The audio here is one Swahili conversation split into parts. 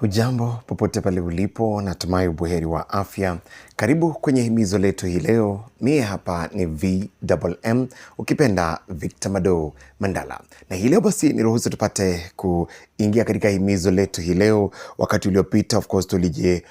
Hujambo popote pale ulipo, natumai ubuheri wa afya. Karibu kwenye himizo letu hii leo. Mie hapa ni VMM, ukipenda Victor Mado Mandala, na hii leo basi niruhusu tupate kuingia katika himizo letu hii leo. Wakati uliopita of course tulije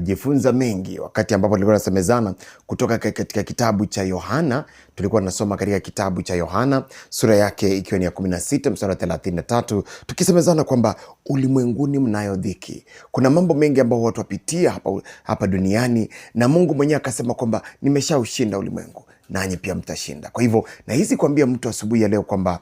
jifunza mengi wakati ambapo tulikuwa tunasemezana kutoka katika kitabu cha Yohana. Tulikuwa tunasoma katika kitabu cha Yohana sura yake ikiwa ni ya 16 mstari wa 33, tukisemezana kwamba ulimwenguni mnayo dhiki. Kuna mambo mengi ambayo watu wapitia hapa, hapa duniani na Mungu mwenyewe akasema kwamba nimeshaushinda ulimwengu nanyi pia mtashinda. Kwa hivyo nahisi kuambia mtu asubuhi ya leo kwamba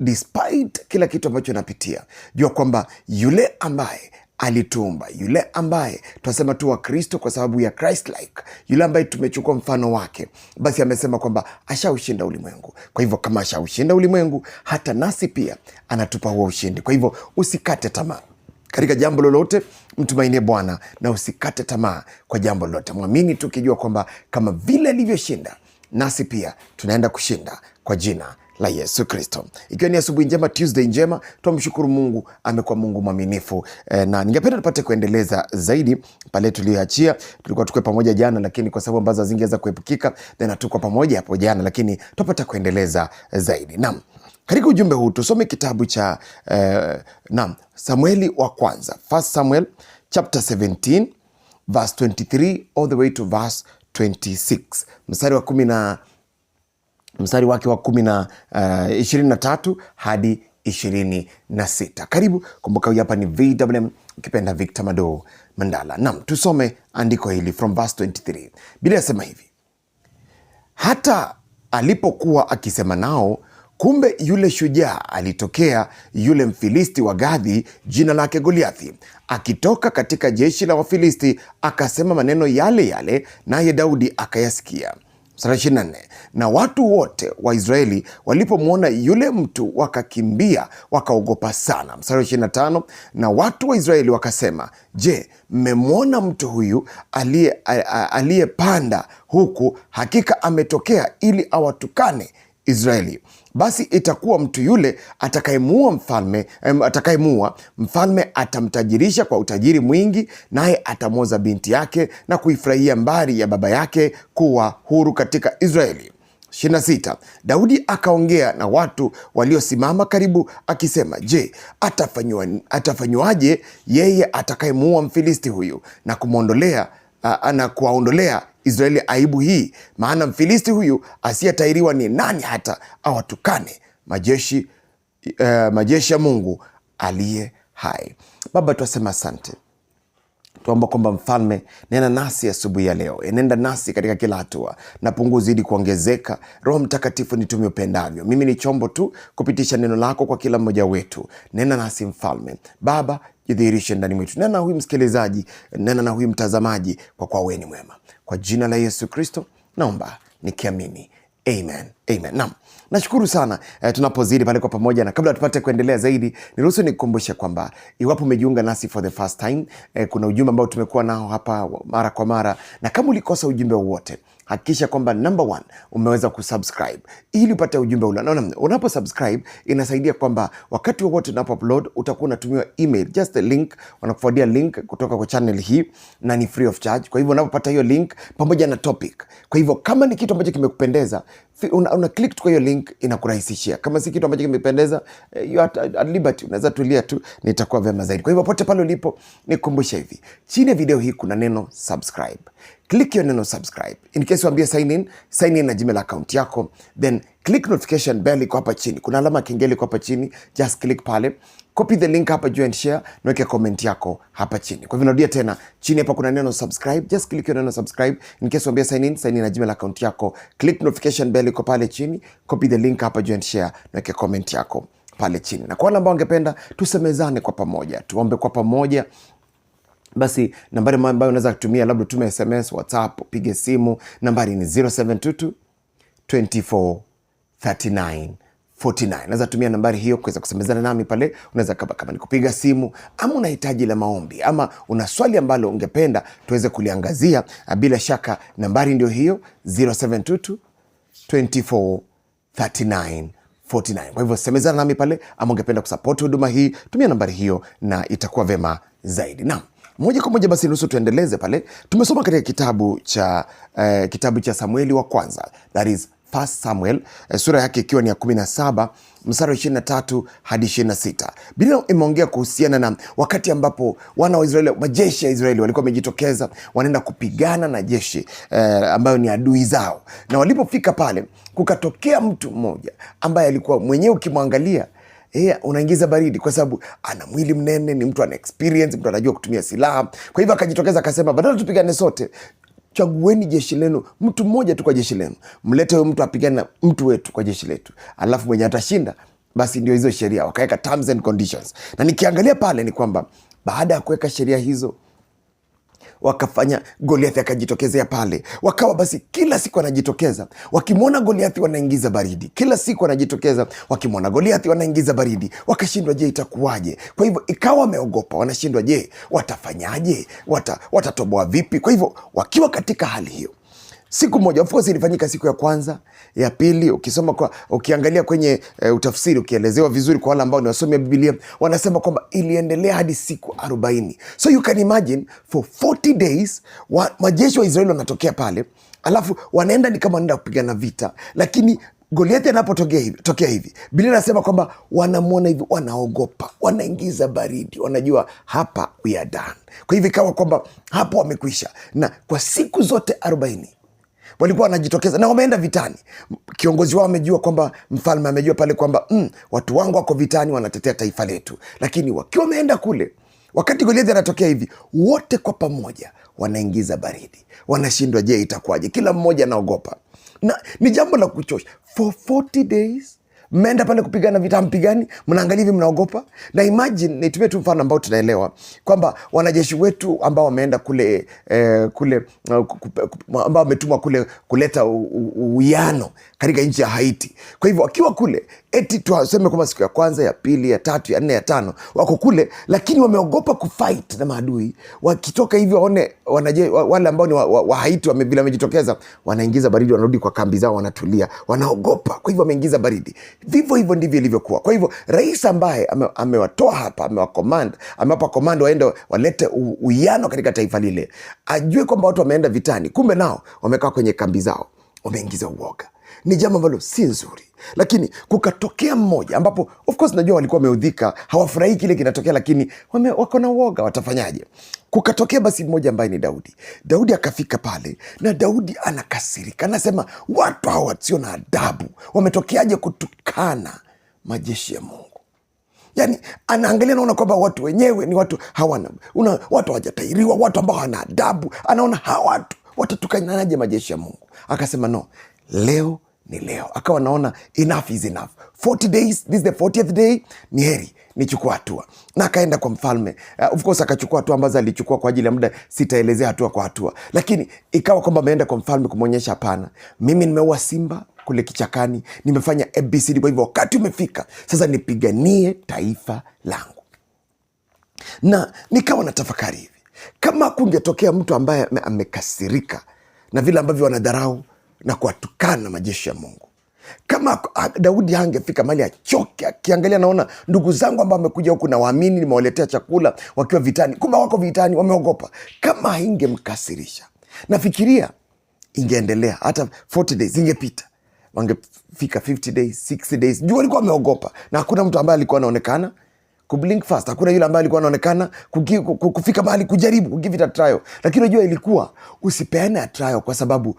despite kila kitu ambacho napitia, jua kwamba yule ambaye alituumba, yule ambaye twasema tu Wakristo kwa sababu ya Christ like, yule ambaye tumechukua mfano wake, basi amesema kwamba ashaushinda ulimwengu. Kwa hivyo kama ashaushinda ulimwengu, hata nasi pia anatupa huo ushindi. Kwa hivyo usikate tamaa katika jambo lolote, mtumainie Bwana na usikate tamaa kwa jambo lolote. Mwamini tukijua kwamba kama vile alivyoshinda, nasi pia tunaenda kushinda kwa jina la Yesu Kristo. Ikiwa ni asubuhi njema, Tuesday njema, twamshukuru Mungu, amekuwa Mungu mwaminifu e, na ningependa tupate kuendeleza zaidi pale tuliyoachia. Tulikuwa tuko pamoja jana, lakini kwa sababu ambazo zingeweza kuepukika, then hatuko pamoja hapo jana, lakini tupata kuendeleza zaidi. Naam, katika ujumbe huu tusome kitabu cha e, naam, Samueli wa kwanza, First Samuel chapter 17 verse 23 all the way to verse 26, mstari wa na mstari wake wa kumi na eh, ishirini na tatu hadi ishirini na sita. Karibu. Kumbuka huyu hapa ni VMM ukipenda Victor Mado Mandala. Naam, tusome andiko hili from verse 23. Biblia yasema hivi: hata alipokuwa akisema nao, kumbe yule shujaa alitokea, yule Mfilisti wa Gadhi, jina lake Goliathi, akitoka katika jeshi la Wafilisti, akasema maneno yale yale, naye Daudi akayasikia sura 24, na watu wote wa Israeli walipomwona yule mtu wakakimbia wakaogopa sana. Mstari wa 25, na watu wa Israeli wakasema, je, mmemwona mtu huyu aliyepanda huku? Hakika ametokea ili awatukane Israeli, basi itakuwa mtu yule atakayemuua mfalme, atakayemuua mfalme atamtajirisha kwa utajiri mwingi, naye atamwoza binti yake na kuifurahia mbari ya baba yake kuwa huru katika Israeli. 26. Daudi akaongea na watu waliosimama karibu akisema, Je, atafanywaje yeye atakayemuua Mfilisti huyu na kumwondolea na kuwaondolea Israeli aibu hii, maana Mfilisti huyu asiyetairiwa ni nani hata awatukane majeshi, uh, majeshi ya Mungu aliye hai? Baba, twasema asante tuomba kwamba mfalme, nena nasi asubuhi ya, ya leo, enenda nasi katika kila hatua, na pungu zidi kuongezeka. Roho Mtakatifu, nitumie upendavyo. Mimi ni chombo tu kupitisha neno lako kwa kila mmoja wetu. Nena nasi mfalme, Baba jidhihirishe ndani mwetu. Nena na huyu msikilizaji, nena na huyu mtazamaji, kwa kuwa wewe ni mwema. Kwa jina la Yesu Kristo naomba nikiamini, amen, amen. Naam, nashukuru sana e, tunapozidi pale kwa pamoja, na kabla tupate kuendelea zaidi, niruhusu nikukumbushe kwamba iwapo umejiunga nasi for the first time e, kuna ujumbe ambao tumekuwa nao hapa mara kwa mara, na kama ulikosa ujumbe wowote hakikisha kwamba number one umeweza kusubscribe ili upate ujumbe ule. Naona unapo subscribe inasaidia kwamba wakati wowote unapo upload utakuwa unatumiwa email, just a link, wanakufuadia link kutoka kwa channel hii na ni free of charge. Kwa hivyo unapopata hiyo link pamoja na topic. Kwa hivyo kama ni kitu ambacho kimekupendeza una, una click tu kwa hiyo link inakurahisishia. Kama si kitu ambacho kimependeza eh, you are at liberty, unaweza tulia tu, nitakuwa vyema zaidi. Kwa hivyo pote pale ulipo nikukumbusha hivi, chini ya video hii kuna neno subscribe click hiyo neno subscribe. In case waambie sign in, sign in na Gmail account yako, then click notification bell iko hapa chini. Kuna alama kengele iko hapa chini, just click pale. Copy the link hapa juu and share na weke comment yako hapa chini. Kwa hivyo narudia tena, chini hapa kuna neno subscribe, just click hiyo neno subscribe. In case waambie sign in, sign in na Gmail account yako, click notification bell iko pale chini, copy the link hapa juu and share na weke comment yako pale chini. Na kwa wale ambao wangependa tusemezane kwa pamoja, tuombe kwa pamoja basi nambari ambayo unaweza kutumia labda tume SMS, WhatsApp, upige simu, nambari ni 0722 24 49. Naweza tumia nambari hiyo kuweza kusemezana nami pale. Unaweza kama, kama nikupiga simu ama una hitaji la maombi ama una swali ambalo ungependa tuweze kuliangazia, ah, bila shaka nambari ndio hiyo 0722 24 49. Kwa hivyo semezana nami pale, ama ungependa kusapoti huduma hii, tumia nambari hiyo na itakuwa vema zaidi. Naam. Moja kwa moja basi nusu tuendeleze pale. Tumesoma katika kitabu cha uh, kitabu cha Samueli wa kwanza, that is First Samuel uh, sura yake ikiwa ni ya 17 mstari wa 23 hadi 26. bila imeongea kuhusiana na wakati ambapo wana wa Israeli, majeshi ya Israeli walikuwa wamejitokeza wanaenda kupigana na jeshi eh, ambayo ni adui zao, na walipofika pale kukatokea mtu mmoja ambaye alikuwa mwenyewe, ukimwangalia Yeah, unaingiza baridi kwa sababu ana mwili mnene, ni mtu ana experience, mtu anajua kutumia silaha. Kwa hivyo akajitokeza akasema, badala tupigane sote, chagueni jeshi lenu, mtu mmoja tu kwa jeshi lenu, mlete huyo mtu apigane na mtu wetu kwa jeshi letu, alafu mwenye atashinda basi ndio hizo sheria wakaweka terms and conditions. Na nikiangalia pale ni kwamba baada ya kuweka sheria hizo wakafanya Goliathi akajitokezea pale, wakawa basi kila siku anajitokeza wakimwona Goliathi wanaingiza baridi, kila siku wanajitokeza wakimwona Goliathi wanaingiza baridi, wakashindwa, je, itakuwaje? Kwa hivyo ikawa wameogopa, wanashindwa, je, watafanyaje? Wata, watatoboa vipi? Kwa hivyo wakiwa katika hali hiyo siku moja. Of course ilifanyika siku ya kwanza, ya pili. Ukisoma kwa, ukiangalia kwenye e, utafsiri ukielezewa vizuri, kwa wale ambao ni wasomi wa Biblia wanasema kwamba iliendelea hadi siku 40. So you can imagine for 40 days wa, majeshi wa Israeli wanatokea pale, alafu wanaenda ni kama wanaenda kupigana vita, lakini Goliathi anapotokea hivi, tokea hivi, Biblia inasema kwamba wanamwona hivi, wanaogopa, wanaingiza baridi, wanajua hapa we are done. Kwa hivyo ikawa kwamba hapo wamekwisha, na kwa siku zote arobaini walikuwa wanajitokeza na wameenda vitani. Kiongozi wao amejua kwamba, mfalme amejua pale kwamba mm, watu wangu wako vitani, wanatetea taifa letu. Lakini wakiwa wameenda kule, wakati Goliathi anatokea hivi, wote kwa pamoja wanaingiza baridi, wanashindwa. Je, itakuwaje? Kila mmoja anaogopa na ni jambo la kuchosha for 40 days mmeenda pale kupigana vita, mpigani, mnaangalia hivi, mnaogopa. Na imagine nitumie tu mfano ambao tunaelewa kwamba wanajeshi wetu ambao wameenda kule eh, kule uh, ambao wametumwa kule kuleta uwiano katika nchi ya Haiti. Kwa hivyo wakiwa kule, eti tuseme kwamba siku ya kwanza, ya pili, ya tatu, ya nne, ya tano wako kule, lakini wameogopa kufight na maadui. Wakitoka hivi waone wanaje, wale ambao ni wa, wa, wa Haiti wamevila wamejitokeza, wanaingiza baridi, wanarudi kwa kambi zao, wanatulia, wanaogopa. Kwa hivyo wameingiza baridi vivo hivyo ndivyo ilivyokuwa. Kwa hivyo rais ambaye amewatoa ame hapa, amewakomand amewapa komando waende walete uwiano katika taifa lile, ajue kwamba watu wameenda vitani, kumbe nao wamekaa kwenye kambi zao wameingiza uoga. Ni jambo ambalo si nzuri, lakini kukatokea mmoja ambapo of course najua walikuwa wameudhika, hawafurahii kile kinatokea, lakini wako na uoga, watafanyaje? Kukatokea basi mmoja ambaye ni Daudi. Daudi akafika pale na Daudi anakasirika, anasema watu hawa wasio na adabu wametokeaje kutukana majeshi ya Mungu? Yani anaangalia naona kwamba watu wenyewe ni watu hawana una, watu hawajatairiwa, watu ambao hawana adabu, anaona hawa watu watatukanaje majeshi ya Mungu? Akasema no, leo ni leo. Akawa naona enough is enough, 40 days, this is the 40th day, ni heri nichukua hatua, na akaenda kwa mfalme. Uh, of course akachukua hatua ambazo alichukua kwa ajili ya muda, sitaelezea hatua kwa hatua, lakini ikawa kwamba ameenda kwa mfalme kumwonyesha, hapana, mimi nimeua simba kule kichakani, nimefanya ABCD. Kwa hivyo wakati umefika sasa nipiganie taifa langu, na nikawa na tafakari kama kungetokea mtu ambaye amekasirika na vile ambavyo wanadharau na kuwatukana majeshi ya Mungu, kama ah, Daudi angefika mahali achoke, akiangalia naona ndugu zangu ambao wamekuja huku na waamini, nimewaletea chakula wakiwa vitani, kumbe wako vitani, wameogopa. Kama ingemkasirisha, nafikiria ingeendelea hata 40 days ingepita, wangefika 50 days, 60 days, juu walikuwa wameogopa na hakuna mtu ambaye alikuwa anaonekana kublink fast. Hakuna yule ambaye alikuwa anaonekana kufika mahali kujaribu kugive it a trial, lakini unajua ilikuwa usipeane a trial, kwa sababu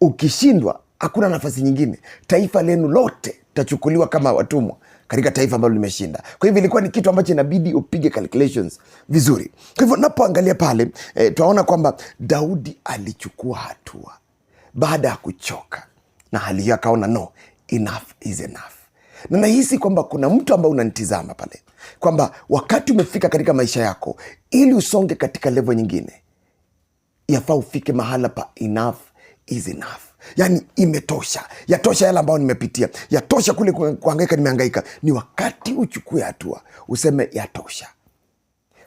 ukishindwa hakuna nafasi nyingine. Taifa lenu lote tachukuliwa kama watumwa katika taifa ambalo limeshinda. Kwa hivyo ilikuwa ni kitu ambacho inabidi upige calculations vizuri. Kwa hivyo napoangalia pale eh, tunaona kwamba Daudi alichukua hatua baada ya kuchoka na hali hiyo, akaona no, enough is enough na nahisi kwamba kuna mtu ambaye unanitizama pale, kwamba wakati umefika katika maisha yako, ili usonge katika levo nyingine, yafaa ufike mahala pa enough is enough. Yani imetosha, yatosha yale ambayo nimepitia, yatosha kule kuhangaika, nimehangaika. Ni wakati uchukue hatua, useme yatosha.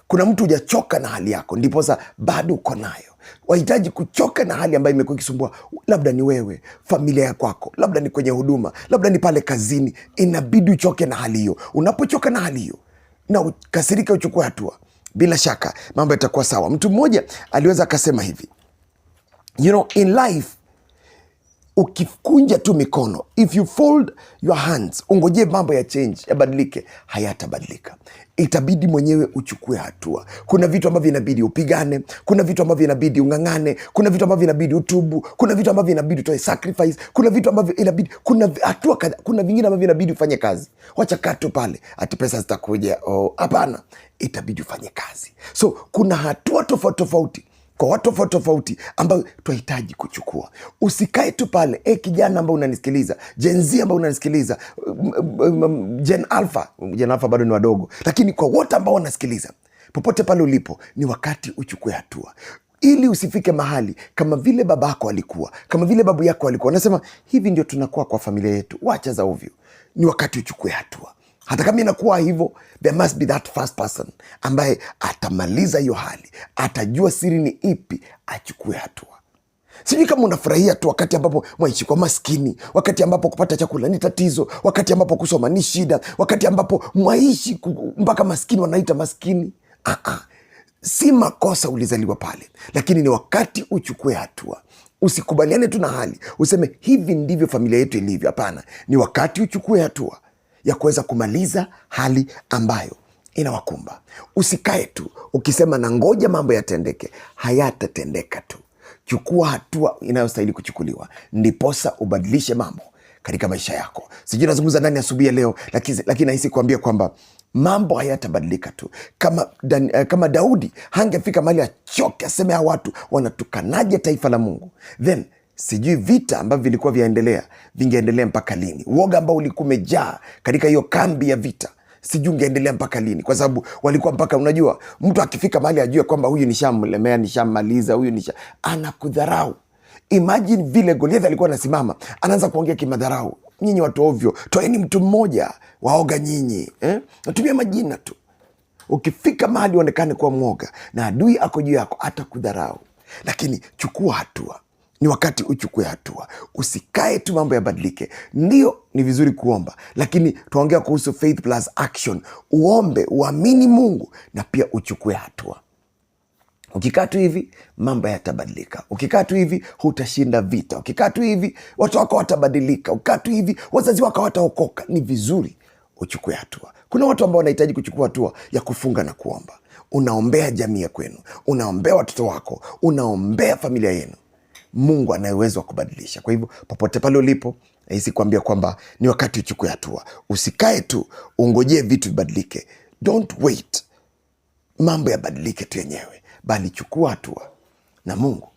Kuna mtu hujachoka na hali yako, ndiposa bado uko nayo wahitaji kuchoka na hali ambayo imekuwa ikisumbua, labda ni wewe, familia ya kwako, labda ni kwenye huduma, labda ni pale kazini. Inabidi uchoke na hali hiyo. Unapochoka na hali hiyo na ukasirika, uchukue hatua, bila shaka mambo yatakuwa sawa. Mtu mmoja aliweza akasema hivi, you know, in life ukikunja tu mikono, if you fold your hands, ungoje mambo ya change yabadilike, hayatabadilika. Itabidi mwenyewe uchukue hatua. Kuna vitu ambavyo inabidi upigane, kuna vitu ambavyo inabidi ung'ang'ane, kuna vitu ambavyo inabidi utubu, kuna vitu ambavyo inabidi utoe sacrifice, kuna vitu ambavyo inabidi, kuna hatua kadhaa, kuna vingine ambavyo inabidi ufanye kazi. Wacha kato pale ati pesa zitakuja. Oh, hapana, itabidi ufanye kazi. So kuna hatua tofauti tofauti kwa watu tofauti tofauti ambayo tunahitaji kuchukua. Usikae tu pale e, kijana ambao unanisikiliza, Gen Z ambao unanisikiliza, mm, mm, mm, Gen Alpha, Gen Alpha bado ni wadogo, lakini kwa wote ambao wanasikiliza popote pale ulipo, ni wakati uchukue hatua ili usifike mahali kama vile yako alikuwa, kama vile babu yako alikuwa. Anasema hivi ndio tunakuwa kwa familia yetu, wacha za ovyo. Ni wakati uchukue hatua hata kama inakuwa hivyo, there must be that first person ambaye atamaliza hiyo hali, atajua siri ni ipi, achukue hatua. Sijui kama unafurahia tu wakati ambapo mwaishi kwa maskini, wakati ambapo kupata chakula ni tatizo, wakati ambapo kusoma ni shida, wakati ambapo mwaishi mpaka maskini wanaita maskini. Aha. Si makosa ulizaliwa pale, lakini ni wakati uchukue hatua. Usikubaliane tu na hali useme hivi ndivyo familia yetu ilivyo. Hapana, ni wakati uchukue hatua ya kuweza kumaliza hali ambayo inawakumba. Usikae tu ukisema na ngoja mambo yatendeke, hayatatendeka tu. Chukua hatua inayostahili kuchukuliwa, ndiposa ubadilishe mambo katika maisha yako. Sijui nazungumza ndani asubuhi ya leo, lakini nahisi kuambia kwamba mambo hayatabadilika tu. Kama, dan, uh, kama Daudi hangefika mahali achoke aseme, hawa watu wanatukanaje taifa la Mungu? Then sijui vita ambavyo vilikuwa vyaendelea vingeendelea mpaka lini, uoga ambao ulikuwa umejaa katika hiyo kambi ya vita sijui ungeendelea mpaka lini, kwa sababu walikuwa mpaka, unajua mtu akifika mahali ajue kwamba huyu nishamlemea, nishamaliza, huyu nisha anakudharau. Imagine vile Goliath alikuwa anasimama anaanza kuongea kimadharau, nyinyi watu ovyo, toeni mtu mmoja, waoga nyinyi eh? Natumia majina tu. Ukifika mahali uonekane kuwa mwoga na adui ako juu yako, hata kudharau, lakini chukua hatua ni wakati uchukue hatua, usikae tu mambo yabadilike. Ndio, ni vizuri kuomba, lakini tunaongea kuhusu faith plus action. Uombe, uamini Mungu na pia uchukue hatua. Ukikaa tu hivi mambo yatabadilika. Ukikaa tu hivi hutashinda vita. Ukikaa tu hivi watu wako watabadilika. Ukikaa tu hivi wazazi wako wataokoka. Ni vizuri uchukue hatua. Kuna watu ambao wanahitaji kuchukua hatua ya kufunga na kuomba. Unaombea jamii ya kwenu, unaombea watoto wako, unaombea familia yenu. Mungu anaye uwezo wa kubadilisha. Kwa hivyo popote pale ulipo, nahisi kuambia kwamba ni wakati uchukue hatua, usikae tu ungojee vitu vibadilike. Don't wait mambo yabadilike tu yenyewe, bali chukua hatua na Mungu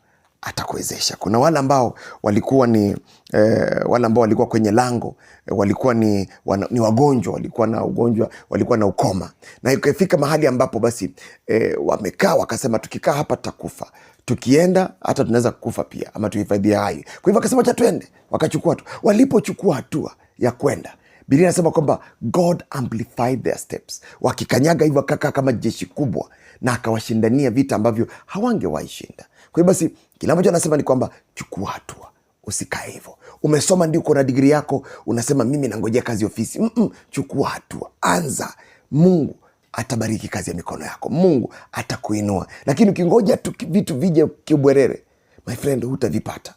atakuwezesha. Kuna wale ambao walikuwa ni eh, wale ambao walikuwa kwenye lango eh, walikuwa ni, wana, ni wagonjwa walikuwa na ugonjwa walikuwa na ukoma, na ikafika mahali ambapo basi eh, wamekaa wakasema, tukikaa hapa tutakufa, tukienda hata tunaweza kufa pia, ama tuhifadhia hai. Kwa hivyo akasema cha twende, wakachukua tu. Walipochukua hatua ya kwenda Biblia inasema kwamba God amplified their steps, wakikanyaga hivyo, akakaa kama jeshi kubwa, na akawashindania vita ambavyo hawangewaishinda. Kwa hiyo basi, kile ambacho anasema ni kwamba chukua hatua, usikae hivyo. Umesoma ndio, uko na digrii yako, unasema mimi nangojea kazi ofisi. Mm -mm, chukua hatua, anza. Mungu atabariki kazi ya mikono yako, Mungu atakuinua. Lakini ukingoja tu vitu vije kibwerere, my friend, hutavipata.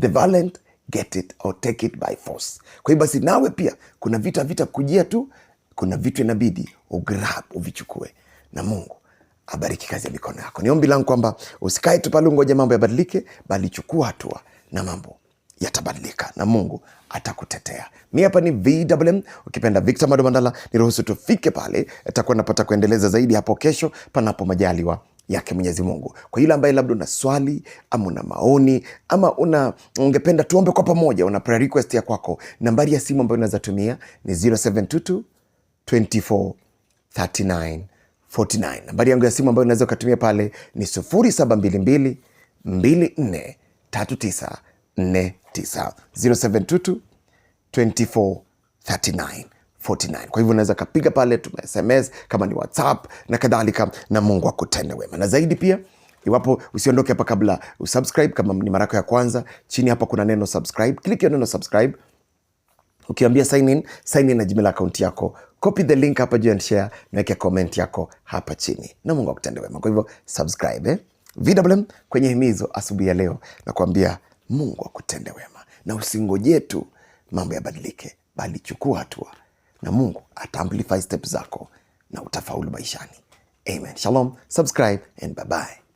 The violent get it or take it by force. Kwa hiyo basi, nawe pia kuna vitu havitakujia tu, kuna vitu inabidi ugrab, uvichukue na Mungu abariki kazi ya mikono yako. Ni ombi langu kwamba usikae tu pale ungoja mambo yabadilike, bali chukua hatua na mambo yatabadilika na Mungu atakutetea. Mi hapa ni VMM, ukipenda Victor Mandala, niruhusu tufike pale, atakuwa napata kuendeleza zaidi hapo kesho, panapo majaliwa yake Mwenyezi Mungu. Kwa yule ambaye labda una swali ama una maoni ama una ungependa tuombe kwa pamoja, una prayer request ya kwako, nambari ya simu ambayo unaweza tumia ni 0722 24 39 49. Nambari yangu ya simu ambayo unaweza ukatumia pale ni 0722 24 39 49 49. Kwa hivyo unaweza kapiga pale, tu SMS kama ni WhatsApp na kadhalika, na Mungu akutende wema na zaidi pia Iwapo usiondoke hapa kabla usubscribe, kama ni mara yako ya kwanza, chini hapa kuna neno subscribe. Click hiyo neno subscribe, ukiambia sign in, sign in na Gmail account yako copy the link hapa juu and share, niweke comment yako hapa chini, na Mungu akutende wema. Kwa hivyo subscribe eh, VMM kwenye himizo asubuhi ya leo, na kuambia Mungu akutende wema, na usingoje tu mambo yabadilike, bali chukua hatua na Mungu ataamplify step zako na utafaulu maishani. Amen. Shalom, subscribe and bye bye.